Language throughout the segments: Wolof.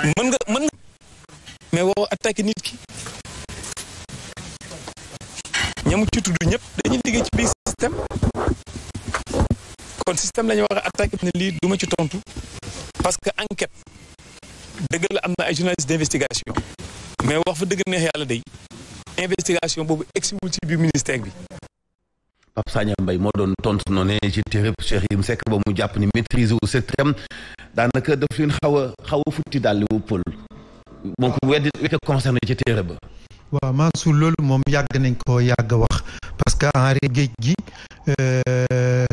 mën nga mën nga mais woo attaqué nit ki ñamu ci tudd ñëpp dañuy liggéey ci biir système kon système la ñu war a attaqué ne lii duma ci tontu parce que enquête dëgg la am na ay journaliste d'investigation mais wax fa dëgg neex yàlla day investigation boobu egsiwul ci biir ministère bi Pape Sagna Mbaye moo doon tontu noonu ne ci téereb Cheikh Yérim Seck ba mu jàpp ni maîtrise wu secteur am daanaka daf leen xaw a xaw futti daal wu pël moom ku weddi wete concerné ci téere ba waaw Mansour loolu moom yàgg nañ ko yàgg wax parce que en géej gi Euh,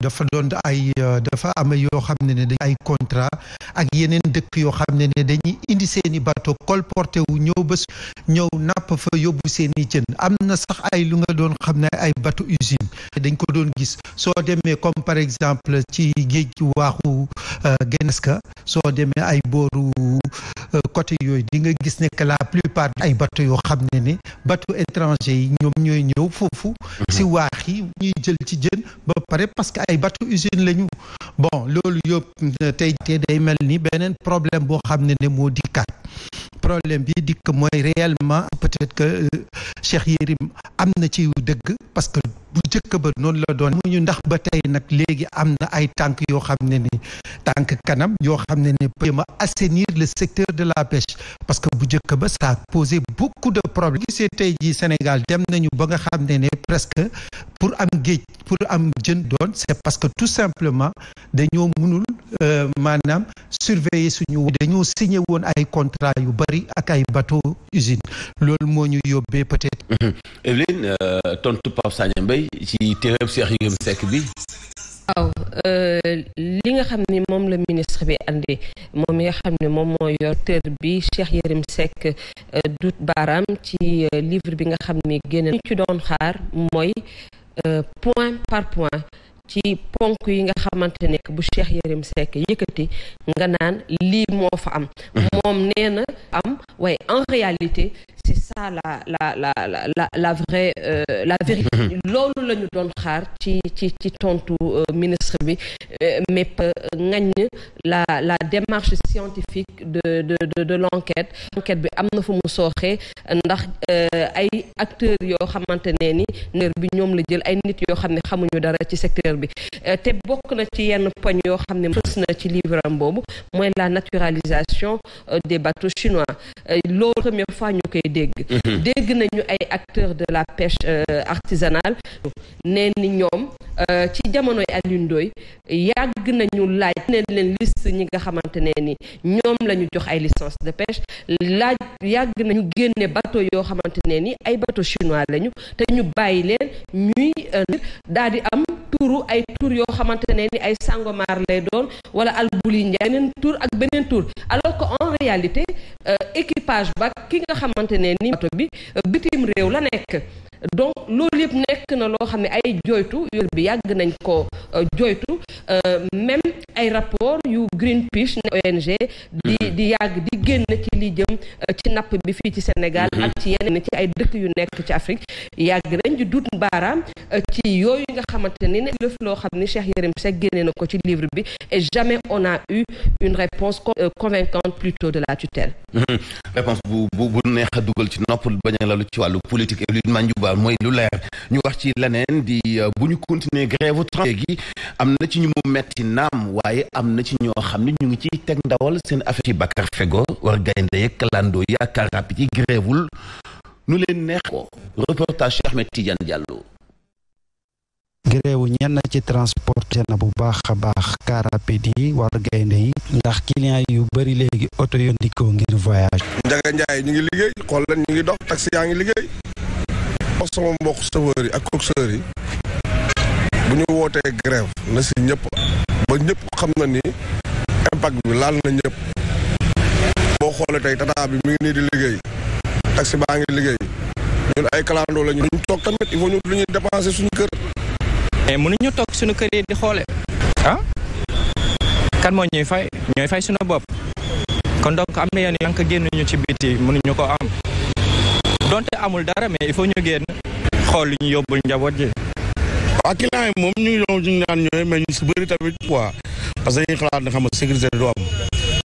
dafa doon ay euh, dafa am yoo xam ne ne dañ ay contrat ak yeneen dëkk yoo xam ne ne dañuy indi seen i bateau colporté wu ñëw bés ñëw napp fa yóbbu seen i jën am na sax ay lu nga doon xam ne ay bateau usine dañ ko doon gis soo demee comme par exemple ci géej waaxu euh, Geneska soo demee ay booru côté yooyu di nga gis ne que la plupart ay bateau yoo xam ne ne bateau étranger yi ñoom ñooy ñëw foofu mhm. si waax yi jël ci jën ba pare parce que ay bateau usine lañu bon loolu yëpp tey tey day mel nii beneen problème boo xam ne ne moo dikkaat problème bi dikk mooy réellement peut-être que euh, Cheikh Yérim am na ci dëgg parce que bu njëkk ba noonu la doon mu ñu ndax ba tey nag léegi am na ay tànk yoo xam ne ni tànk kanam yoo xam ne ni jéem a assainir le secteur de la pêche parce que bu njëkk ba ça a posé beaucoup de problèmes gisee tey jii Sénégal dem nañu ba nga xam ne ne presque pour am géej pour am jën doon c'est parce que tout simplement dañoo munul Euh, maanaam surveiller suñu dañoo signé woon ay contrat yu bari ak ay bateau usine loolu moo ñu yóbbee peut-être. Mhm. Euh, tontu Pape Sagna Mbaye ci téeréb Cheikh Yérim Seck bi. waaw euh, li nga xam ni moom la ministre bi andi moom mi nga xam ne moom moo yor tër bi Cheikh Yérim Seck dut baaraam ci livre bi nga xam ni génn ci doon xaar mooy point par point. ci ponk yi nga xamante ne bu Cheikh Yérim Seck yëkkati nga naan liir moo fa am mm-hmm. moom nee am waaye en réalité c'est la la la la la la vraie euh, la vérité. Mhm. loolu lañu ñu doon xaar ci ci ci tontu euh, ministre bi euh, mais ngañ la la démarche scientifique de de de de l'enquête enquête bi am na fu mu sooxee ndax ay acteurs yoo xamante ne ni ner bi ñoom la jël ay nit yoo xam ne xamuñu dara ci secteur bi te bokk na ci yenn poñ yoo xam ne mës na ci livram boobu mooy la naturalisation des bateaux chinois loolu première fois ñu koy dégg Mhm. dégg nañu ay acteur de la pêche euh, artisanale nee ni ñoom euh, ci jamonoy Alioune Ndoye yàgg nañu laaj neen leen liste ñi nga xamante ne ni ñoom la ñu jox ay licence de pêche laaj yàgg nañu génne bateau yoo xamante ne ni ay bateau chinois lañu te ñu bàyyi leen ñuy euh, daal am turu ay tur yoo xamante ne ni ay Sangomar lay doon wala Albouly Ndiaye beneen tur ak beneen tur alors que en réalité euh, équipage ba ki nga xamante ne ni bato bi euh, bitim réew la nekk donc loolu yëpp nekk na loo xam ne ay jooytu yool bi yàgg nañ ko joytu euh, même ay rapport yu Greenpeace ne ONG di mhm. di yàgg di génn ci li jëm euh, ci napp bi fii ci Sénégal mhm. ak ci yeneen ci ay dëkk yu nekk ci Afrique yàgg nañ di duut mbaaraam euh, ci yooyu nga xamante ni ne lëf loo xam ni Cheikh Yérim Seck génne na ko ci livre bi et jamais on a eu une réponse convaincante plutôt de la tutelle mhm. réponse bu bu bu neex dugal ci nopp bañ a ci wàllu politique Evelyne Mandiouba mooy lu leer ñu wax ci leneen di bu ñu continuer grève transport gi am na ci ñu mu metti naam waaye am na ci ñoo xam ne ñu ngi ciy teg ndawal seen affaire ci Bakar Fego war gaynde yi kalandoo yi ak karapit yi gréewul nu leen neex ko reportage Cheikh Ahmed Tidiane Diallo gréewu ñenn ci transporté na bu baax a baax car rapide yi war gaynde yi ndax client yu bëri léegi oto yondikoo ngir voyage njaga njaay ñu ngi liggéey xool leen ñu ngi dox taxi yaa ngi liggéey wax sama mbokk chauffeur yi ak coxeur yi bu ñu wootee grève na si ñëpp ba ñëpp xam na ni impact bi laal na ñëpp boo xoolee tey tata bi mi ngi nii di liggéey taxi baa ngi liggéey ñun ay kalandoo la ñu duñ toog tamit il faut ñu lu ñuy dépenser suñu kër. mais mënuñu toog suñu kër yi di xoole ah kan moo ñuy fay ñooy fay suñu bopp kon donc am na yenn yank génn ñu ci biti mënuñu ko am donte amul dara mais il faut ñu génn xool li ñu yóbbul njaboot ji. waa moom ñu ngi doon ñu ngi naan ñooy mais ñu si bëri tamit quoi parce que xalaat ne xam nga sécurité du am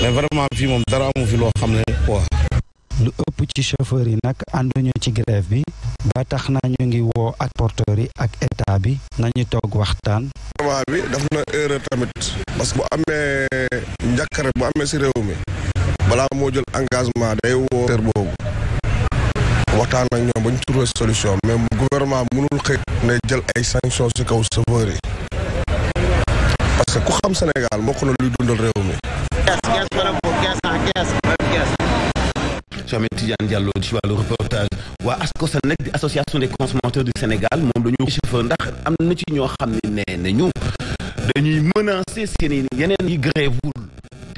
mais vraiment fii moom dara amu fi loo xam ne quoi. lu ëpp ci chauffeur yi nag ànduñu ci grève bi ba tax na ñu ngi woo ak porteur yi ak état bi nañu toog waxtaan. gouvernement bi daf na erreur tamit parce que bu amee njàkkare bu amee si réew mi balaa moo jël engagement day woo. boobu. waxtaan ak ñoom ba ñu trouvé solution mais gouvernement mënul xëy ne jël ay sanctions ci kaw chauffeur yi que ku xam Sénégal mbokk na luy dundal réew mi. Cheikh Tidiane Diallo ci wàllu reportage waa ASCOSEN nag di association des consommateurs du Sénégal moom la ñu chauffeur ndax am na ci ñoo xam ne nañu dañuy menacer seen yi grève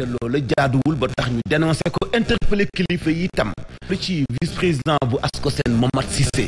te loola jaaduwul ba tax ñu dénoncé ko interpellé kilifa yi tam ci vice président bu ASCOSEN Momad Cissé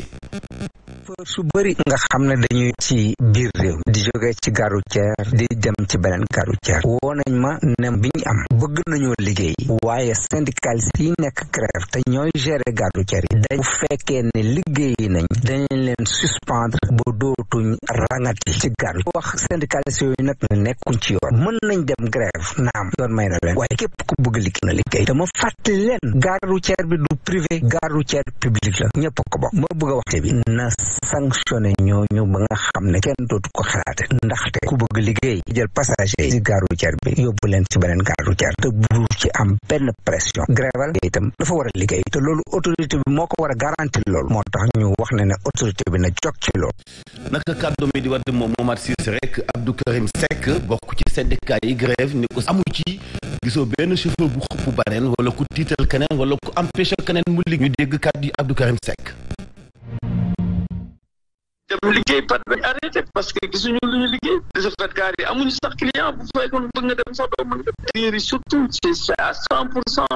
chauffeur su bëri nga xam ne dañuy ci biir réew di jóge ci gare routière di dem ci beneen gare routière woo nañ ma nem bi ñu am bëgg nañoo liggéey waaye syndicaliste yi nekk grève te ñooy gérer gare routière yi dañ fekkee ne liggéey nañ dañ leen suspendre ba dootuñ rangati ci gare wax syndicaliste yooyu nag ne nekkuñ ci yoon mën nañ dem grève naam yoon may na leen waaye képp ku bëgg liggéey na liggéey dama fàttali leen gare routière bi du privé gare routière publique la ñëpp a wax na sanctionné ñooñu ba nga xam ne kenn dootu ko xalaate ndaxte ku bëgg liggéey jël passager si gare routière bi yóbbu leen ci beneen gare routière te bu ci am benn pression gréval itam dafa war a liggéey te loolu autorité bi moo ko war a garanti lool moo tax ñu wax ne ne autorité bi na jog ci loolu naka kàddu mi di wax moom Momar Cissé rek Abdou Karim Seck bokk ci syndicat yi grève ni aussi amu ci gisoo benn chauffeur bu xëpp baneen wala ku tiital keneen wala keneen mu liggéey ñu dégg kàddu yi Abdou Karim Seck dem liggéey pat bañ arrêté parce que gisuñu lu ñu liggéey de ce amuñu sax client bu fekkoon bëgg nga dem sax doo mën dem liggéey surtout c'est à cent pour cent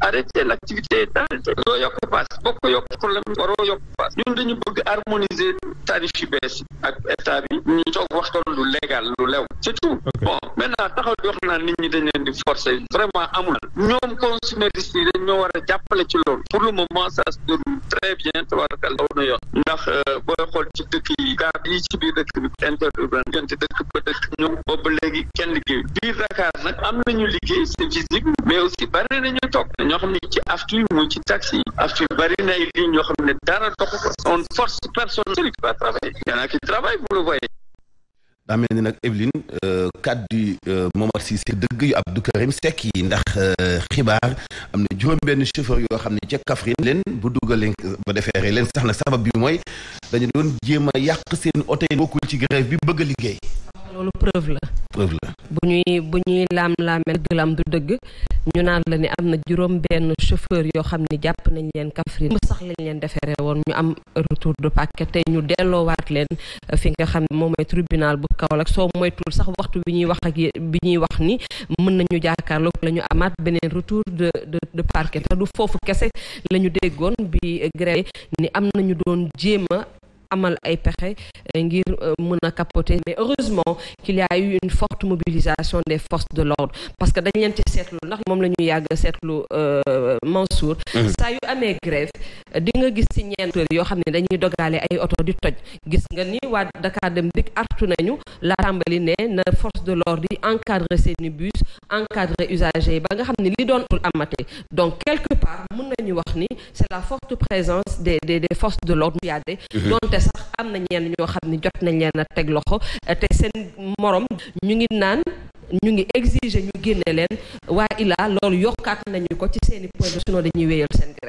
arrêté l' activité d'arrêté loo yokk paas boo yokk problème waroo yokk paas ñun dañu bëgg harmoniser tarif yu bees ak état ñu toog waxtaan légal lu lew c'est tout bon maintenant taxaw di wax naan nit ñi dañ leen di forcer vraiment amul ñoom consumériste yi dañ ñoo jàppale ci loolu pour le moment ça se déroule très bien tabarakal aw na yoon ndax euh, booy xool ci dëkk yi gaar yi ci biir dëkk bi interurbain diggante dëkk ba dëkk ñoom boobu léegi kenn liggéey biir Dakar nag am nañu liggéey c'est visible mais aussi bari nañu toog ñoo xam ne ci aftu mu ci taxi yi aftu bari na ñoo xam ne dara toog ko on force personne ne peut pas daa mel ni nag Evelyne euh, kàddu euh, Momar Cissé dëgg yu Abdou Karim Seck yi ndax euh, xibaar am na juróom benn chauffeur yoo xam ne ca Kaffrine leen bu duggalee ba defeere leen sax na sabab bi mooy dañu doon jéem a yàq seen oto yi bokkul ci grève bi bëgg a liggéey. preuve la. bu ñuy bu ñuy laam-laame dëgg la am du dëgg ñu naan la ni am na juróom benn chauffeur yoo xam ni jàpp nañ leen Kaffrine mu sax lañ leen defere woon ñu am retour de parquet tey ñu delloowaat leen fi nga xam ne moom mooy tribunal bu Kaolack soo moytul sax waxtu bi ñuy wax ak bi ñuy wax ni mën nañu jàkkaarloo la ñu amaat beneen retour de de de parquet te du foofu kese la ñu déggoon bi grève ni am nañu doon jéema amal ay pexe euh, ngir euh, mën a capoter mais heureusement qu'il y a eu une forte mobilisation des force de l'ordre parce que dañ leen ci seetlu ndax moom la ñuy yàgg seetlu euh, Mansour mhm. saa yu amee grève di nga gis ci ñeent yoo xam ne dañuy dogaale ay oto di toj gis nga ni waa Dakar dem dik artu nañu la tàmbali ne na force de l'ordre yi encadrer seeni bus encadrer usagers yi ba nga xam ne li doon amate donc quelque part mën nañu wax ni c'est la forte présence des des des forces de l'ordre mu yaade donte sax am na ñenn ñoo xam ne jot nañ leen a teg loxo te seen moroom ñu ngi naan ñu ngi exiger ñu génne leen waa ilaa loolu yokkaat nañu ko ci seen i point de sinon dañuy wéyal seen grève